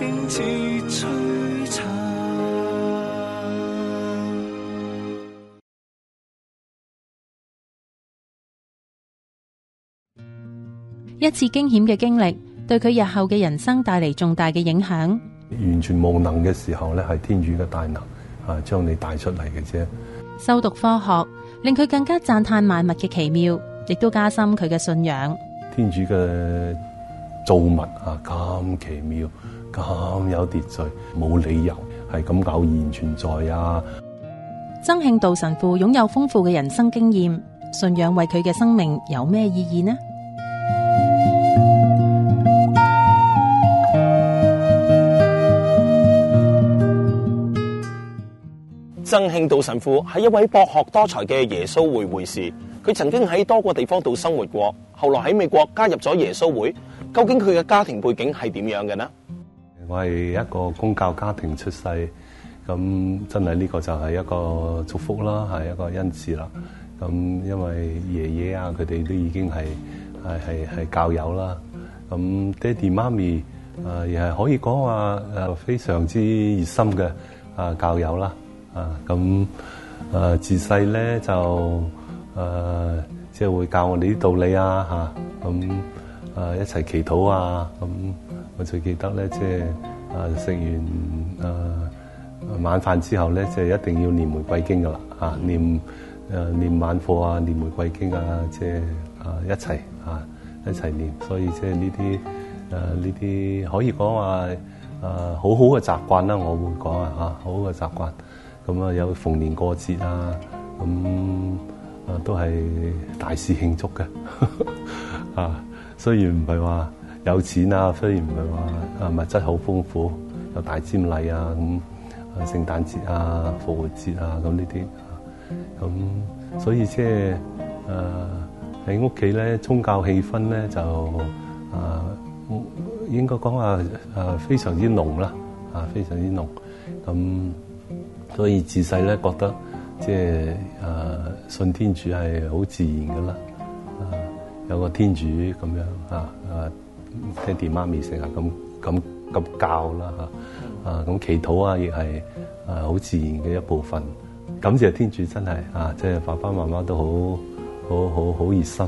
嗯、一次驚險嘅經歷，對佢日後嘅人生帶嚟重大嘅影響。完全冇能嘅時候呢，係天主嘅大能啊，將你帶出嚟嘅啫。修讀科學，令佢更加讚嘆萬物嘅奇妙，亦都加深佢嘅信仰。天主嘅造物啊，咁奇妙。咁有秩序，冇理由係咁偶然存在啊！曾慶道神父擁有豐富嘅人生經驗，信仰為佢嘅生命有咩意義呢？曾慶道神父係一位博學多才嘅耶穌會會士，佢曾經喺多個地方度生活過，後來喺美國加入咗耶穌會。究竟佢嘅家庭背景係點樣嘅呢？我係一個公教家庭出世，咁真係呢個就係一個祝福啦，係一個恩賜啦。咁因為爺爺啊，佢哋都已經係係係係教友啦，咁爹哋媽咪啊，亦係可以講話誒非常之熱心嘅啊教友啦，啊咁啊自細咧就誒即係會教我哋啲道理啊嚇，咁誒一齊祈禱啊咁。啊我最記得咧，即係啊食完啊、呃、晚飯之後咧，即係一定要念玫瑰經噶啦，啊唸誒唸晚課啊，念玫瑰經啊，即係啊一齊啊一齊念。所以即係呢啲誒呢啲可以講話誒好好嘅習慣啦，我會講啊嚇，好嘅習慣。咁啊有逢年過節啊，咁啊都係大肆慶祝嘅 啊，雖然唔係話，有錢啊，雖然唔係話啊物質好豐富，有大瞻禮啊咁，啊、嗯、聖誕節啊、復活節啊咁呢啲，咁、啊、所以即係啊喺屋企咧，宗教氣氛咧就啊應該講話啊非常之濃啦，啊非常之濃，咁、啊、所以自細咧覺得即係啊信天主係好自然噶啦，啊有個天主咁樣啊啊。啊爹地媽咪成日咁咁咁教啦吓，啊咁祈禱啊亦係啊好自然嘅一部分。感謝天主真係啊，即係爸爸媽媽都好好好好熱心，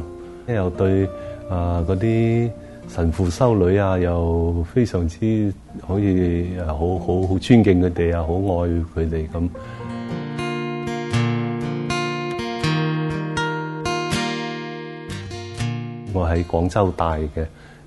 又對啊嗰啲神父修女啊，又非常之可以好好好尊敬佢哋啊，好愛佢哋咁。 我喺廣州大嘅。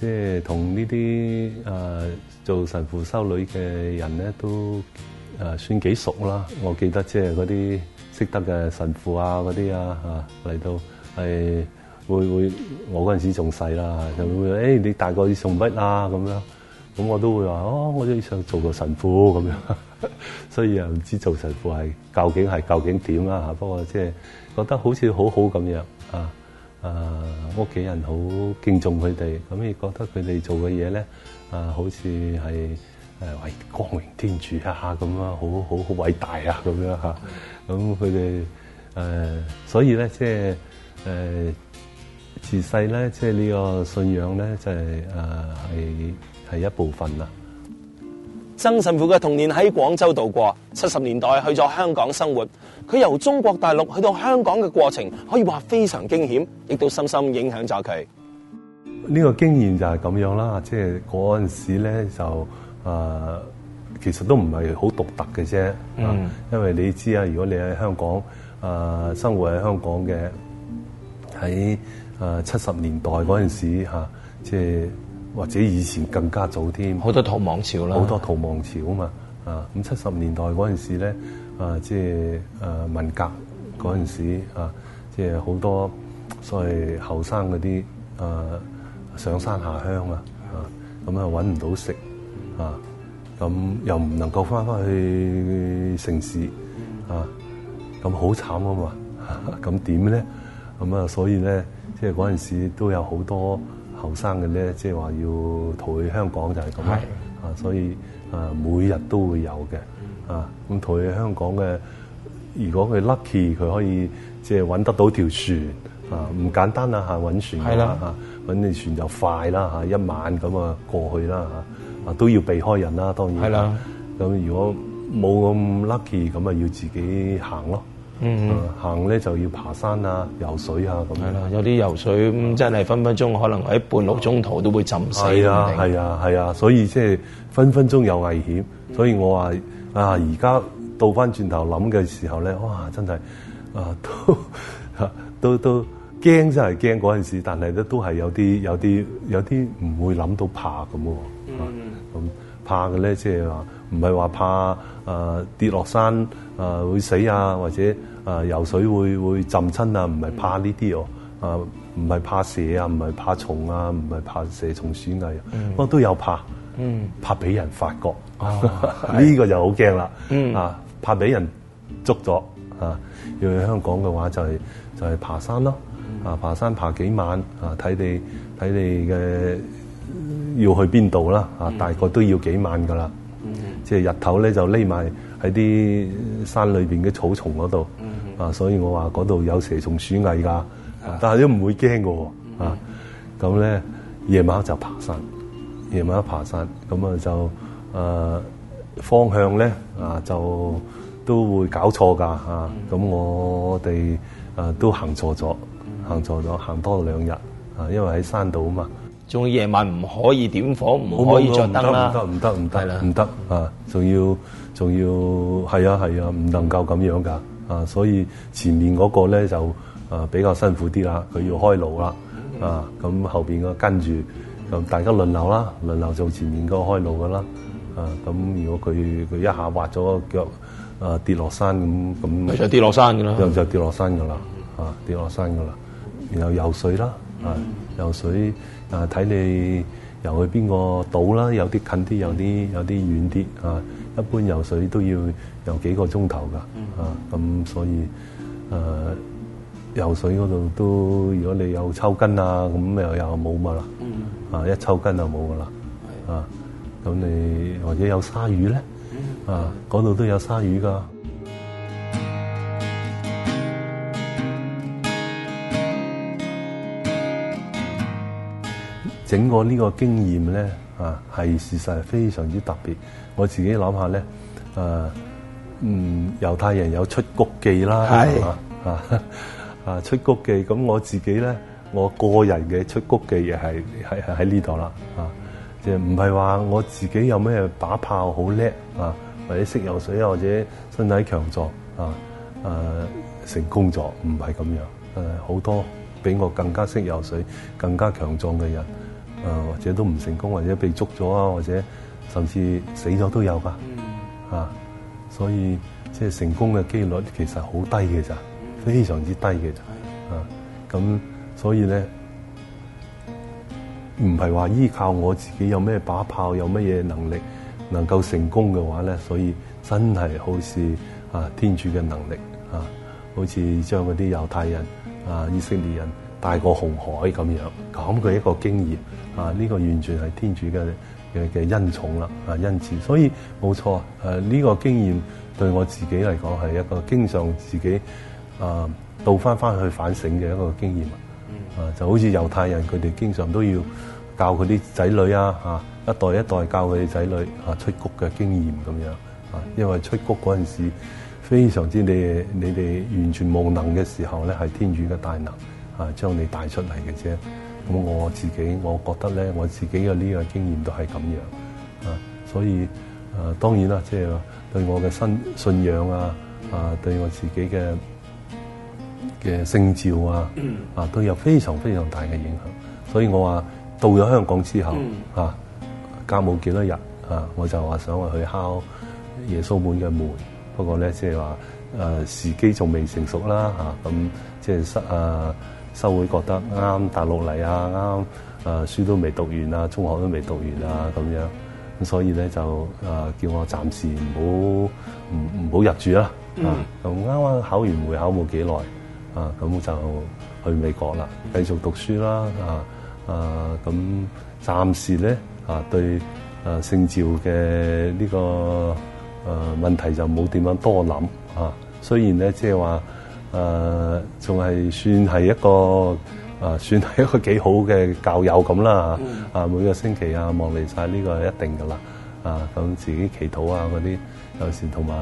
即係同呢啲誒做神父修女嘅人咧，都誒、呃、算幾熟啦。我記得即係嗰啲識得嘅神父啊，嗰啲啊嚟、啊、到係會、哎、會，我嗰陣時仲細啦，就會誒、欸、你大個要送乜啊咁樣，咁我都會話哦，我都想做個神父咁樣， 所以又唔知做神父係究竟係究竟點啦、啊、不過即、就、係、是、覺得好似好好咁樣啊。呃呃呃、啊！屋企人好敬重佢哋，咁亦覺得佢哋做嘅嘢咧，啊，好似係誒為光榮天主啊咁啊，好好好偉大啊咁樣吓，咁佢哋誒，所以咧、呃，即係誒自細咧，即係呢個信仰咧，就係誒係係一部分啦。曾神父嘅童年喺廣州度過，七十年代去咗香港生活。佢由中國大陸去到香港嘅過程，可以話非常驚險，亦都深深影響咗佢。呢個經驗就係咁樣啦，即係嗰陣時咧就誒、呃，其實都唔係好獨特嘅啫。嗯、呃，因為你知啊，如果你喺香港誒、呃、生活喺香港嘅，喺誒七十年代嗰陣時吓、呃，即係。或者以前更加早添，好多逃亡潮啦，好多逃亡潮啊嘛，啊咁七十年代嗰陣時咧，啊即係啊文革嗰陣時啊，即係好多所謂後生嗰啲啊上山下鄉啊，啊咁啊搵唔到食啊，咁又唔能夠翻返去城市啊，咁好慘啊嘛，咁點咧？咁啊所以咧，即係嗰陣時都有好多。後生嘅咧，即係話要逃去香港就係咁啦，啊的，所以啊，每日都會有嘅，啊，咁逃去香港嘅，如果佢 lucky，佢可以即係揾得到條船，啊，唔簡單啦吓，揾船啊，揾條的船就快啦吓，一晚咁啊過去啦，啊都要避開人啦，當然係啦，咁的如果冇咁 lucky，咁啊要自己行咯。嗯，行咧、mm hmm. 就要爬山啊，游水啊咁樣啦，有啲游水、嗯、真係分分鐘可能喺半路中途都會浸死。啊的，係啊定，係啊，所以即係分分鐘有危險。Mm hmm. 所以我話啊，而家倒翻轉頭諗嘅時候咧，哇，真係啊，都吓、啊，都、啊、都驚真係驚嗰陣時，但係咧都係有啲有啲有啲唔會諗到怕咁。喎、mm。咁、hmm. 啊、怕嘅咧即係話。就是唔係話怕誒、呃、跌落山誒、呃、會死啊，或者誒、呃、游水會會浸親啊，唔係怕呢啲哦。誒唔係怕蛇啊，唔係怕蟲啊，唔係怕蛇蟲鼠、啊、蟻。不過都有怕，嗯、怕俾人發覺呢、哦、 個就好驚啦。嗯、啊，怕俾人捉咗啊！要去香港嘅話、就係，就係就係爬山咯、啊。嗯、啊，爬山爬幾晚啊？睇你睇你嘅要去邊度啦。啊，大概都要幾晚噶啦。即係日頭咧就匿埋喺啲山裏邊嘅草叢嗰度，啊，所以我話嗰度有蛇蟲鼠蟻㗎，但係都唔會驚喎，啊，咁咧夜晚黑就爬山，夜晚黑爬山，咁啊就、呃、方向咧啊就都會搞錯㗎嚇，咁我哋呃都行錯咗，行錯咗，行多兩日啊，因為喺山度啊嘛。仲要夜晚唔可以點火，唔好可以著燈啦。唔得唔得唔得唔得唔得啊！仲要仲要，係啊係啊，唔能夠咁樣噶啊！所以前面嗰個咧就啊比較辛苦啲啦，佢要開路啦、mm hmm. 啊！咁後邊嘅跟住就大家輪流啦，輪流做前面嗰個開路噶啦啊！咁如果佢佢一下滑咗個腳啊、呃、跌落山咁咁，就跌落山噶啦，又就，就跌落山噶啦啊跌落山噶啦，然後游水啦啊游水。Mm hmm. 啊游水啊！睇你游去邊個島啦，有啲近啲，有啲有啲遠啲啊。嗯、一般游水都要游幾個鐘頭噶，啊咁所以誒、啊、游水嗰度都，如果你有抽筋、嗯、啊，咁又又冇嘛啦，啊一抽筋就冇噶啦，啊咁你或者有鯊魚咧，啊嗰度都有鯊魚噶。整個呢個經驗咧，啊，係事實係非常之特別。我自己諗下咧，啊，嗯，猶太人有出谷記啦，係是啊，啊，啊出谷記。咁我自己咧，我個人嘅出谷記又係係係喺呢度啦。啊，即係唔係話我自己有咩把炮好叻啊，或者識游水，或者身體強壯啊，誒、啊、成工作唔係咁樣。誒、啊、好多比我更加識游水、更加強壯嘅人。誒，或者都唔成功，或者被捉咗啊，或者甚至死咗都有噶，嗯、啊，所以即係、就是、成功嘅幾率其實好低嘅咋，非常之低嘅咋，啊，咁所以咧，唔係話依靠我自己有咩把炮，有乜嘢能力能夠成功嘅話咧，所以真係好似啊天主嘅能力啊，好似將嗰啲猶太人啊，以色列人。大過紅海咁樣，咁佢一個經驗啊，呢、這個完全係天主嘅嘅嘅恩寵啦，啊因此，所以冇錯，誒、啊、呢、這個經驗對我自己嚟講係一個經常自己啊倒翻翻去反省嘅一個經驗啊，啊就好似猶太人佢哋經常都要教佢啲仔女啊，啊，一代一代教佢哋仔女啊出谷嘅經驗咁樣啊，因為出谷嗰陣時、啊、時非常之你你哋完全冇能嘅時候咧，係天主嘅大能。啊，將你帶出嚟嘅啫。咁我自己，我覺得咧，我自己嘅呢樣經驗都係咁樣。啊，所以啊，當然啦，即係對我嘅新信仰啊，啊，對我自己嘅嘅聖召啊，啊，都有非常非常大嘅影響。所以我話到咗香港之後，嗯、啊，加冇幾多日啊，我就話想話去敲耶穌門嘅門。不過咧，即係話，誒、啊、時機仲未成熟啦。嚇，咁即係失啊。收會覺得啱啱大陸嚟啊，啱誒、呃、書都未讀完啊，中學都未讀完啊，咁樣，咁所以咧就、呃、叫我暫時唔好唔唔好入住啦。啊，咁啱啱考完會考冇幾耐，啊，咁就去美國啦，繼續讀書啦，啊啊咁暫時咧啊對誒姓趙嘅呢個誒、啊、問題就冇點樣多諗啊。雖然咧即係話。誒仲係算係一個誒、啊，算係一個幾好嘅教友咁啦。嗯、啊，每個星期啊，望嚟晒呢個係一定噶啦。啊，咁、啊、自己祈禱啊，嗰啲有時同埋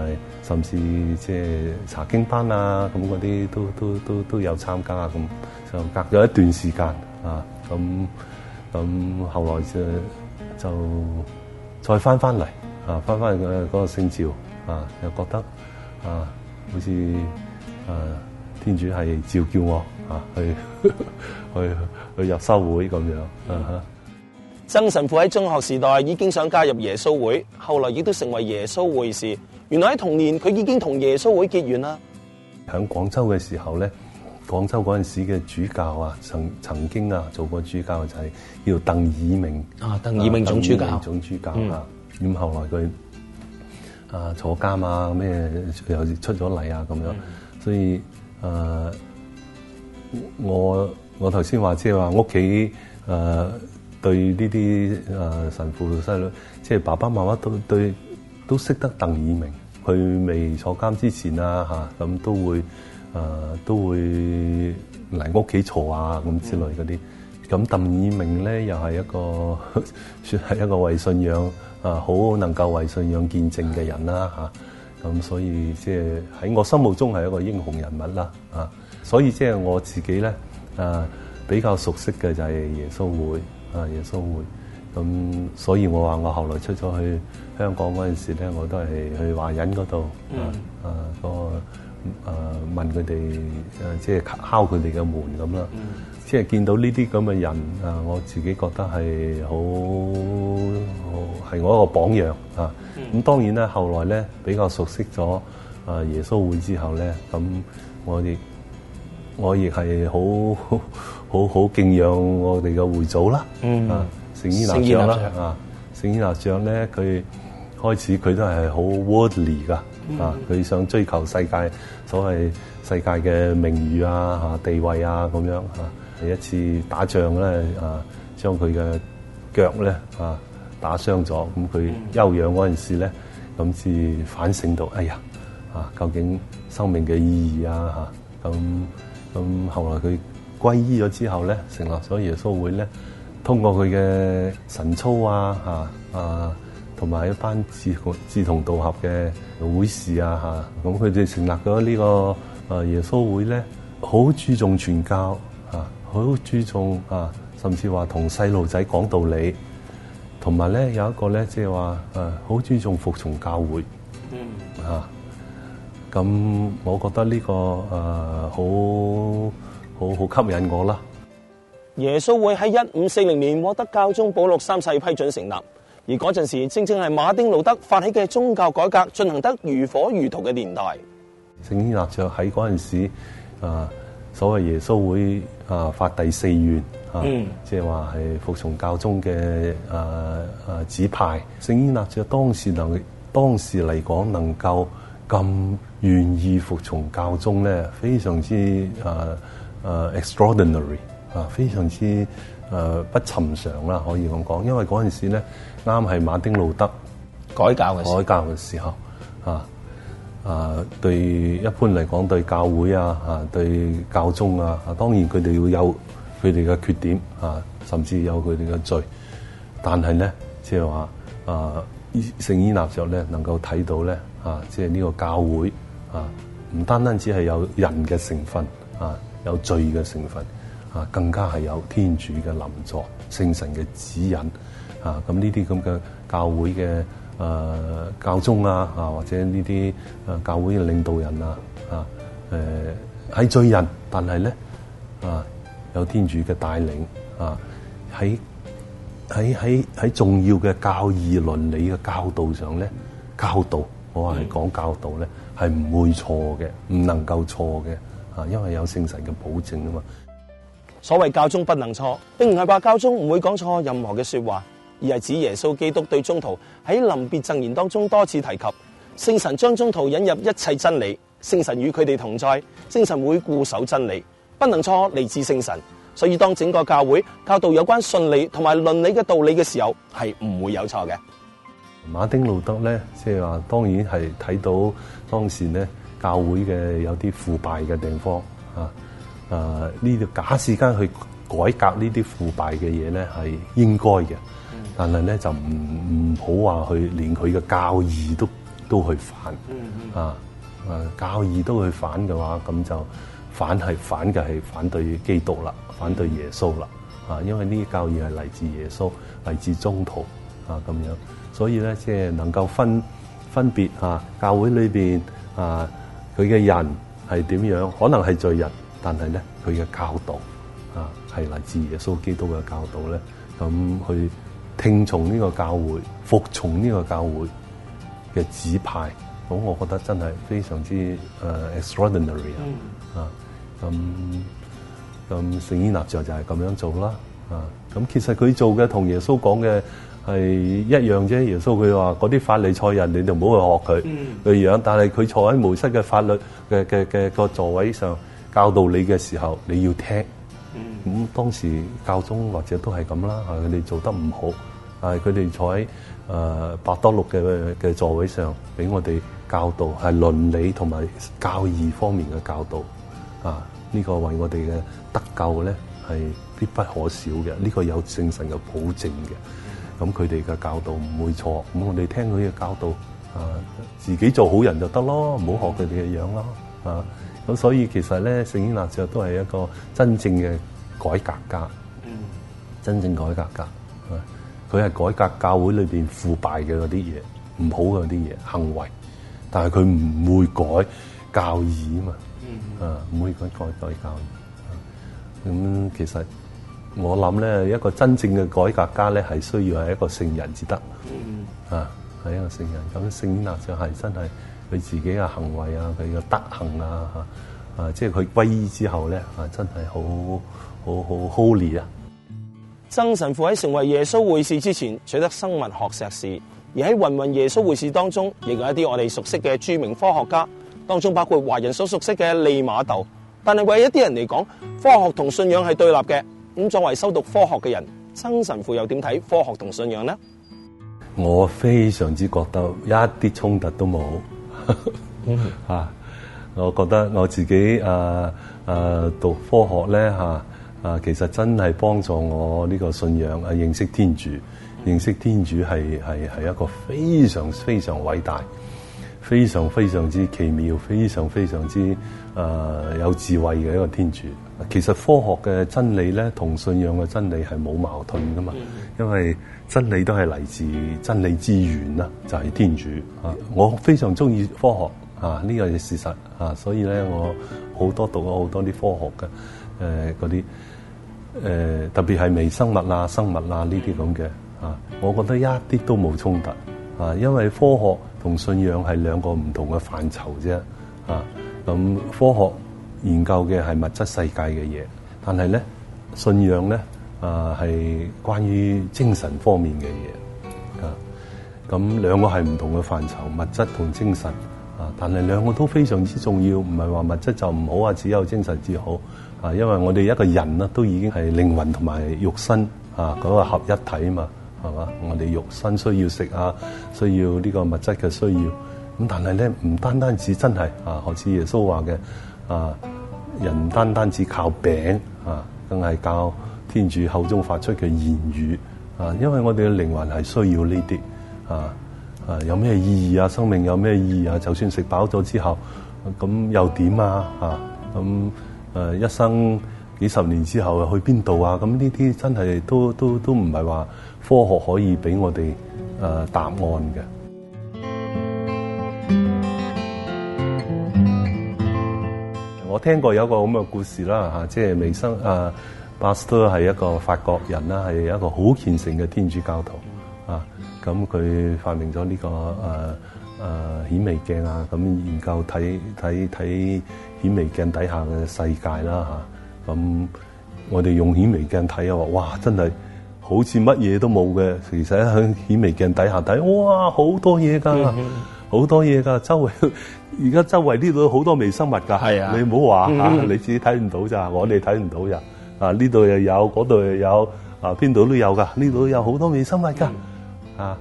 甚至即係查經班啊，咁嗰啲都都都都，都有參加啊。咁就隔咗一段時間啊，咁咁後來就就再翻翻嚟啊，翻翻嚟嗰個聖召啊，又覺得啊，好似～誒、啊、天主係召叫我嚇、嗯啊、去去去入修會咁樣，嗯啊、曾神父喺中學時代已經想加入耶穌會，後來亦都成為耶穌會士。原來喺童年佢已經同耶穌會結緣啦。喺廣州嘅時候咧，廣州嗰陣時嘅主教啊，曾曾經啊做過主教就係、是、叫鄧以明啊，鄧以明總主教、啊、總主教啦。咁、嗯嗯、後來佢。啊！坐監啊！咩又出咗嚟啊！咁樣，嗯、所以誒、呃，我我頭先話即係話屋企誒對呢啲、呃、神父細女，即、就、係、是、爸爸媽媽都對都識得鄧以明。佢未坐監之前啊咁、啊、都會誒、呃、都會嚟屋企坐啊咁之類嗰啲。咁、嗯、鄧以明咧又係一個算係一個為信仰。啊！好能夠為信仰見證嘅人啦、啊，咁、啊、所以即係喺我心目中係一個英雄人物啦、啊，啊！所以即係、就是、我自己咧、啊，比較熟悉嘅就係耶穌會啊，耶穌會咁，所以我話我後來出咗去香港嗰陣時咧，我都係去華仁嗰度、嗯、啊、那個、啊個啊問佢哋，即、就、係、是、敲佢哋嘅門咁啦，即係、嗯啊、見到呢啲咁嘅人啊，我自己覺得係好。很係我一個榜樣啊！咁、嗯、當然咧，後來咧比較熟悉咗啊，耶穌會之後咧，咁、嗯、我亦我亦係好好好敬仰我哋嘅會祖啦，啊聖依納爵啦，啊聖依納爵咧，佢開始佢都係好 worldly 噶啊，佢想追求世界所謂世界嘅名譽啊、嚇、啊、地位啊咁樣嚇。第、啊、一次打仗咧啊，將佢嘅腳咧啊。打傷咗，咁佢休養嗰陣時咧，咁至反省到，哎呀，啊，究竟生命嘅意義啊，嚇，咁咁後來佢皈依咗之後咧，成立咗耶穌會咧，通過佢嘅神操啊，嚇啊，同埋一班志志同道合嘅會士啊，嚇，咁佢哋成立咗呢個啊耶穌會咧，好注重傳教啊，好注重啊，甚至話同細路仔講道理。同埋咧，有一個咧，即係話，誒，好尊重、服從教會，嗯，嚇、啊，咁我覺得呢、這個誒、啊，好好好吸引我啦。耶穌會喺一五四零年獲得教宗保祿三世批准成立，而嗰陣時正正係馬丁路德發起嘅宗教改革進行得如火如荼嘅年代。成立就喺嗰陣時、啊，所謂耶穌會。啊！法第四願，啊，嗯、即係話係服從教宗嘅啊啊指派。聖依納爵當時能，當時嚟講能夠咁願意服從教宗咧，非常之啊啊 extraordinary 啊，非常之誒、啊、不尋常啦，可以咁講。因為嗰陣時咧，啱係馬丁路德改教嘅時改教嘅時候，時候啊。啊，對一般嚟講，對教會啊，啊，對教宗啊，啊，當然佢哋要有佢哋嘅缺點啊，甚至有佢哋嘅罪，但係咧，即係話啊，聖依納爵咧能夠睇到咧啊，即係呢個教會啊，唔單單只係有人嘅成分啊，有罪嘅成分啊，更加係有天主嘅臨在、聖神嘅指引啊，咁呢啲咁嘅教會嘅。誒教宗啊，啊或者呢啲誒教會嘅領導人啊，啊誒係、啊、罪人，但係咧啊有天主嘅帶領，啊喺喺喺喺重要嘅教義倫理嘅教導上咧教導，我話係講教導咧係唔會錯嘅，唔能夠錯嘅啊，因為有聖神嘅保證啊嘛。所謂教宗不能錯，並唔係話教宗唔會講錯任何嘅說話。而係指耶穌基督對宗徒喺臨別贈言當中多次提及，聖神將宗徒引入一切真理，聖神與佢哋同在，聖神會固守真理，不能錯，嚟自聖神。所以當整個教會教導有關信理同埋倫理嘅道理嘅時候，係唔會有錯嘅。馬丁路德咧，即係話，當然係睇到當時呢教會嘅有啲腐敗嘅地方啊，誒呢度假時間去改革呢啲腐敗嘅嘢呢，係應該嘅。但係咧就唔唔好話去連佢嘅教義都都去反，嗯嗯啊教義都去反嘅話，咁就反係反嘅係反對基督啦，反對耶穌啦，啊，因為呢啲教義係嚟自耶穌嚟自宗徒啊咁樣，所以咧即係能夠分分別啊，教會裏面啊佢嘅人係點樣，可能係罪人，但係咧佢嘅教導啊係嚟自耶穌基督嘅教導咧，咁、啊、去。聽從呢個教會，服從呢個教會嘅指派，咁我覺得真係非常之誒、uh, extraordinary、嗯、啊！啊、嗯，咁咁聖依納爵就係咁樣做啦，啊，咁、嗯、其實佢做嘅同耶穌講嘅係一樣啫。耶穌佢話嗰啲法利賽人，你就唔好去學佢嘅、嗯、樣，但係佢坐喺摩西嘅法律嘅嘅嘅個座位上教導你嘅時候，你要聽。咁當時教宗或者都係咁啦，佢哋做得唔好，係佢哋坐喺誒伯多祿嘅嘅座位上俾我哋教導，係倫理同埋教義方面嘅教導。啊，呢個為我哋嘅得救咧係必不可少嘅，呢個有聖神嘅保證嘅。咁佢哋嘅教導唔會錯。咁我哋聽佢嘅教導，啊，自己做好人就得咯，唔好學佢哋嘅樣咯。啊，咁所以其實咧，聖經立著都係一個真正嘅改革家，嗯，真正改革家，啊，佢係改革教會裏邊腐敗嘅嗰啲嘢，唔好嘅啲嘢行為，但係佢唔會改教義啊嘛，嗯、啊唔會改改改教義，咁、啊嗯、其實我諗咧，一個真正嘅改革家咧，係需要係一個聖人至得、嗯啊人，啊，係一個聖人，咁聖人就係真係佢自己嘅行為啊，佢嘅德行啊，嚇、啊，啊，即係佢皈依之後咧，啊，真係好。好好 Holy 啊！曾神父喺成為耶穌會士之前取得生物學碩士，而喺芸芸耶穌會士當中，亦有一啲我哋熟悉嘅著名科學家，當中包括華人所熟悉嘅利馬竇。但係為一啲人嚟講，科學同信仰係對立嘅。咁作為修讀科學嘅人，曾神父又點睇科學同信仰呢？我非常之覺得一啲衝突都冇。嗯、 mm. 我覺得我自己誒誒、呃呃、讀科學咧吓。呃啊，其實真係幫助我呢個信仰啊，認識天主，認識天主係係係一個非常非常偉大、非常非常之奇妙、非常非常之、呃、有智慧嘅一個天主。其實科學嘅真理咧，同信仰嘅真理係冇矛盾噶嘛，因為真理都係嚟自真理之源啦，就係天主啊！我非常中意科學啊，呢個係事實啊，所以咧我好多讀咗好多啲科學嘅。誒，嗰啲誒、呃呃，特別係微生物啊、生物啊呢啲咁嘅啊，我覺得一啲都冇衝突啊，因為科學同信仰係兩個唔同嘅範疇啫啊。咁科學研究嘅係物質世界嘅嘢，但係咧信仰咧啊係關於精神方面嘅嘢啊。咁兩個係唔同嘅範疇，物質同精神啊，但係兩個都非常之重要，唔係話物質就唔好啊，只有精神至好。啊，因為我哋一個人咧，都已經係靈魂同埋肉身啊嗰個合一體啊嘛，係嘛？我哋肉身需要食啊，需要呢個物質嘅需要。咁但係咧，唔單單止真係啊，學似耶穌話嘅啊，人單單只靠餅啊，更係靠天主口中發出嘅言語啊。因為我哋嘅靈魂係需要呢啲啊啊，有咩意義啊？生命有咩意義啊？就算食飽咗之後，咁又點啊？啊咁。嗯誒一生幾十年之後去邊度啊？咁呢啲真係都都都唔係話科學可以俾我哋誒、呃、答案嘅。我聽過有一個咁嘅故事啦，嚇、啊，即、就、係、是、微生物巴斯德係一個法國人啦，係一個好虔誠嘅天主教徒啊。咁佢發明咗呢、這個誒誒、啊啊、顯微鏡啊，咁研究睇睇睇。顯微鏡底下嘅世界啦吓，咁我哋用顯微鏡睇啊，哇，真係好似乜嘢都冇嘅。其實喺顯微鏡底下睇，哇，好多嘢噶，好、嗯、哼多嘢噶，周圍而家周圍呢度好多微生物噶，係啊，你唔好話你自己睇唔到咋，我哋睇唔到呀，啊，呢度又有，嗰度又有，啊，邊度都有噶，呢度有好多微生物噶，嗯、啊，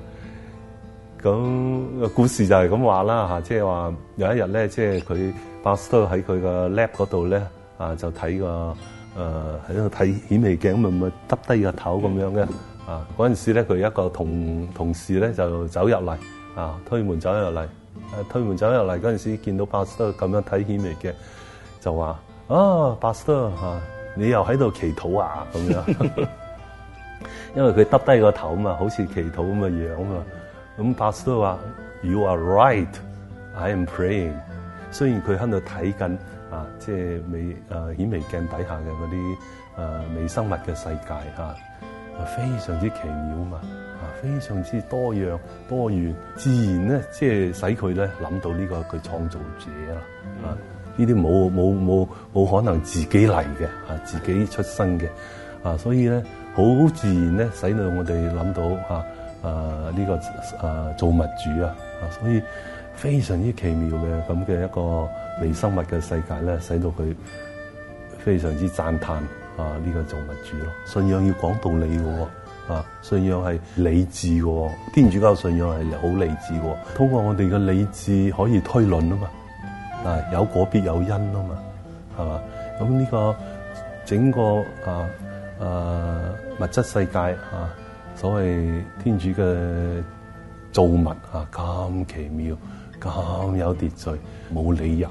咁故事就係咁話啦吓，即係話有一日咧，即係佢。巴斯多喺佢個 lab 嗰度咧，啊就睇個誒喺度睇顯微鏡，咪咪耷低個頭咁樣嘅。啊嗰陣時咧，佢一個同同事咧就走入嚟，啊推門走入嚟，誒推門走入嚟嗰陣時見到巴斯多咁樣睇顯微鏡，就話：啊巴斯多嚇，你又喺度祈禱啊咁樣。 因為佢耷低個頭嘛，好似祈禱咁嘅樣樣啊。咁巴斯多話：You are right, I am praying。雖然佢喺度睇緊啊，即係微啊顯微鏡底下嘅嗰啲啊微生物嘅世界嚇、啊，非常之奇妙嘛，啊非常之多樣多元，自然咧即係使佢咧諗到呢個佢創造者啦，啊呢啲冇冇冇冇可能自己嚟嘅啊，自己出生嘅啊，所以咧好自然咧使到我哋諗到嚇啊呢個啊造物主啊啊所以。非常之奇妙嘅咁嘅一個微生物嘅世界咧，使到佢非常之讚嘆啊！呢個造物主咯，信仰要講道理嘅，啊，信仰係理智嘅，天主教信仰係好理智嘅。通過我哋嘅理智可以推論啊嘛，啊，有果必有因啊嘛，係嘛？咁呢個整個啊，啊物質世界啊，所謂天主嘅造物啊，咁奇妙。咁有秩序，冇理由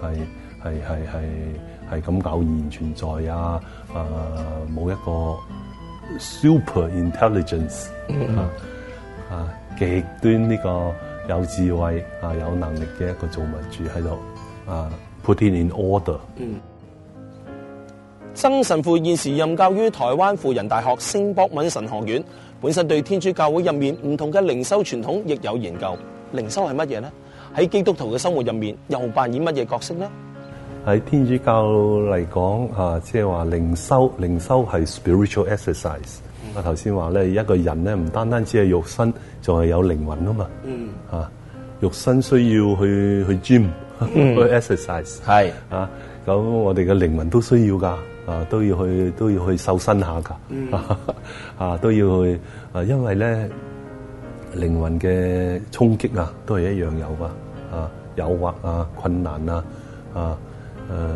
係係係係係咁偶然存在啊！啊，冇一個 super intelligence 啊、嗯、啊，極端呢個有智慧啊有能力嘅一個造物主喺度啊，put in order、嗯。曾神父現時任教於台灣輔仁大學聖博敏神學院，本身對天主教會入面唔同嘅靈修傳統亦有研究。靈修係乜嘢咧？喺基督徒嘅生活入面，又扮演乜嘢角色呢？喺天主教嚟講啊，即係話靈修，靈修係 spiritual exercise。我頭先話咧，一個人咧唔單單只係肉身，仲係有靈魂啊嘛。嗯。啊，肉身需要去去 gym 去 exercise，係啊。咁我哋嘅靈魂都需要噶，啊都要去都要去瘦身下噶。嗯。啊都要去，啊因為咧。靈魂嘅衝擊啊，都係一樣有噶，啊，誘惑啊，困難啊，啊，誒、呃，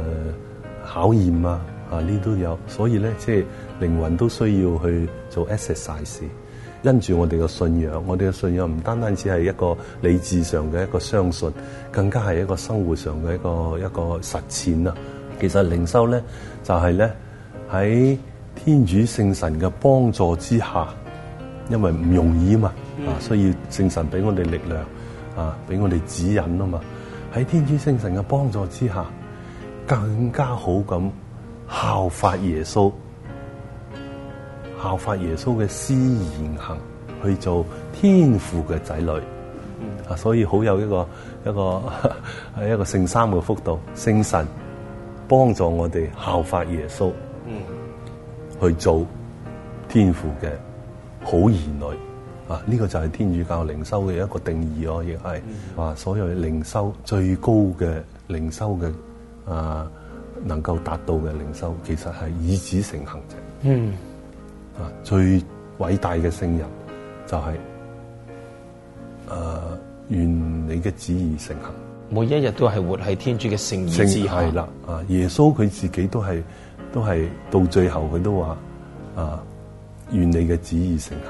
考驗啊，啊呢都有，所以咧，即係靈魂都需要去做 exercise。因住我哋嘅信仰，我哋嘅信仰唔單單只係一個理智上嘅一個相信，更加係一個生活上嘅一個一個實踐啊，其實靈修咧，就係咧喺天主聖神嘅幫助之下。因為唔容易嘛，啊，所以聖神俾我哋力量，啊，俾我哋指引啊嘛。喺天主聖神嘅幫助之下，更加好咁效法耶穌，效法耶穌嘅思言行去做天父嘅仔女。啊，所以好有一個一個係一個聖三嘅幅度，聖神幫助我哋效法耶穌，嗯，去做天父嘅。好賢內啊！呢、這個就係天主教靈修嘅一個定義哦，亦係、就是嗯、啊，所有靈修最高嘅靈修嘅啊，能夠達到嘅靈修，其實係以旨成行嘅。嗯啊，最偉大嘅聖人就係、是、啊，願你嘅旨意成行。每一日都係活喺天主嘅聖意之下。係啦啊，耶穌佢自己都係都係到最後佢都話啊。願你嘅旨意成行，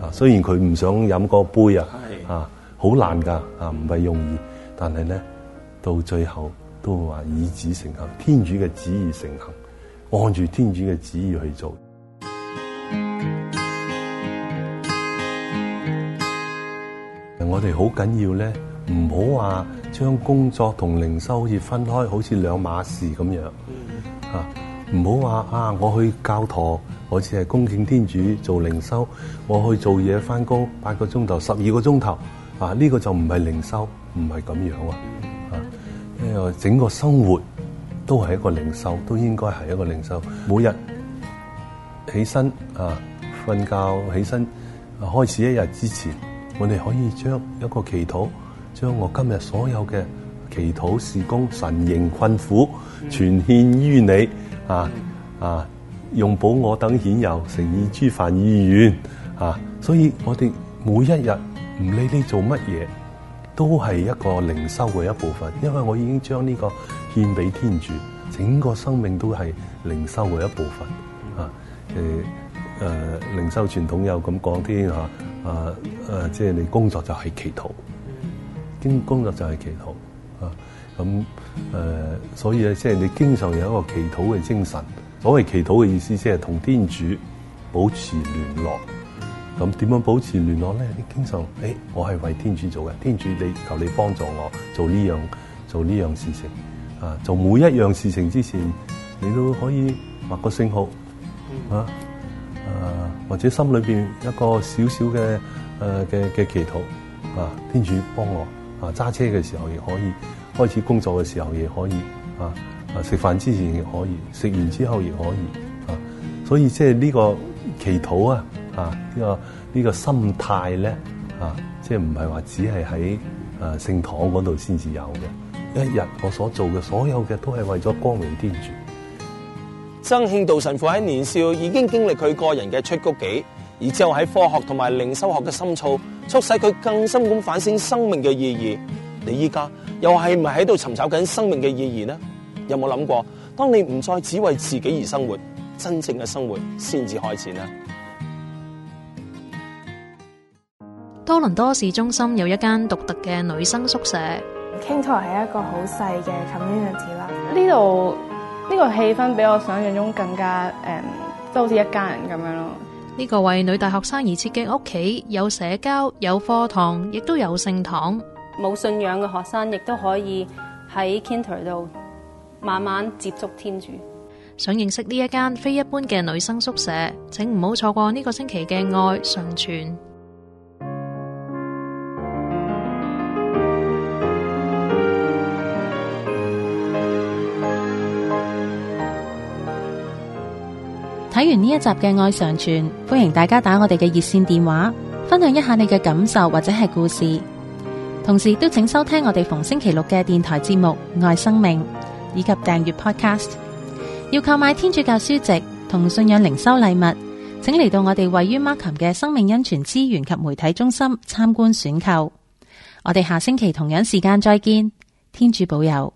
是啊，雖然佢唔想飲嗰杯啊，啊，好難噶，啊，唔係容易，但係咧到最後都會話以旨成行，天主嘅旨意成行，按住天主嘅旨意去做。嗯、我哋好緊要咧，唔好話將工作同靈修好似分開，好似兩碼事咁樣，嗯、啊，唔好話啊，我去教堂。我只係恭敬天主做靈修，我去做嘢翻工八個鐘頭，十二個鐘頭，啊呢、這個就唔係靈修，唔係咁樣喎，啊。啊，呢個整個生活都係一個靈修，都應該係一個靈修。每日起身啊，瞓覺起身，開始一日之前，我哋可以將一個祈禱，將我今日所有嘅祈禱事功、神形困苦，全獻於你啊啊！啊用保我等顯有，誠以諸凡意願啊！所以我哋每一日唔理你做乜嘢，都係一個靈修嘅一部分。因為我已經將呢個獻俾天主，整個生命都係靈修嘅一部分啊！誒、呃、誒，靈修傳統又咁講添吓啊誒、啊啊，即係你工作就係祈禱，經工作就係祈禱啊！咁、啊、誒，所以咧即係你經常有一個祈禱嘅精神。所謂祈禱嘅意思，即係同天主保持聯絡。咁點樣保持聯絡咧？你經常誒、欸，我係為天主做嘅，天主你求你幫助我做呢樣做呢樣事情啊！做每一樣事情之前，你都可以畫個聖號啊，誒、啊，或者心裏邊一個小小嘅誒嘅嘅祈禱啊，天主幫我啊！揸車嘅時候亦可以，開始工作嘅時候亦可以啊。啊！食飯之前亦可以，食完之後亦可以啊。所以即係呢個祈禱啊，啊呢個呢個心態咧啊，即係唔係話只係喺啊聖堂嗰度先至有嘅。一日我所做嘅所有嘅都係為咗光榮天主。曾慶道神父喺年少已經經歷佢個人嘅出谷紀，而之後喺科學同埋靈修學嘅深造，促使佢更深咁反省生命嘅意義。你依家又係唔係喺度尋找緊生命嘅意義呢？有冇諗過，當你唔再只為自己而生活，真正嘅生活先至開始呢？多倫多市中心有一間獨特嘅女生宿舍。Kinter 係一個好細嘅 community 啦。呢度呢個氣氛比我想象中更加誒，都好似一家人咁樣咯。呢個為女大學生而設嘅屋企，有社交、有課堂，亦都有聖堂。冇信仰嘅學生亦都可以喺 Kinter 度。慢慢接觸天主，想認識呢一間非一般嘅女生宿舍，請唔好錯過呢個星期嘅愛上傳。睇完呢一集嘅愛上傳，歡迎大家打我哋嘅熱線電話，分享一下你嘅感受或者係故事。同時都請收聽我哋逢星期六嘅電台節目《愛生命》，以及訂閱 Podcast。要購買天主教書籍同信仰靈修禮物，請嚟到我哋位於 Markham 嘅生命恩泉資源及媒體中心參觀選購。我哋下星期同樣時間再見，天主保佑。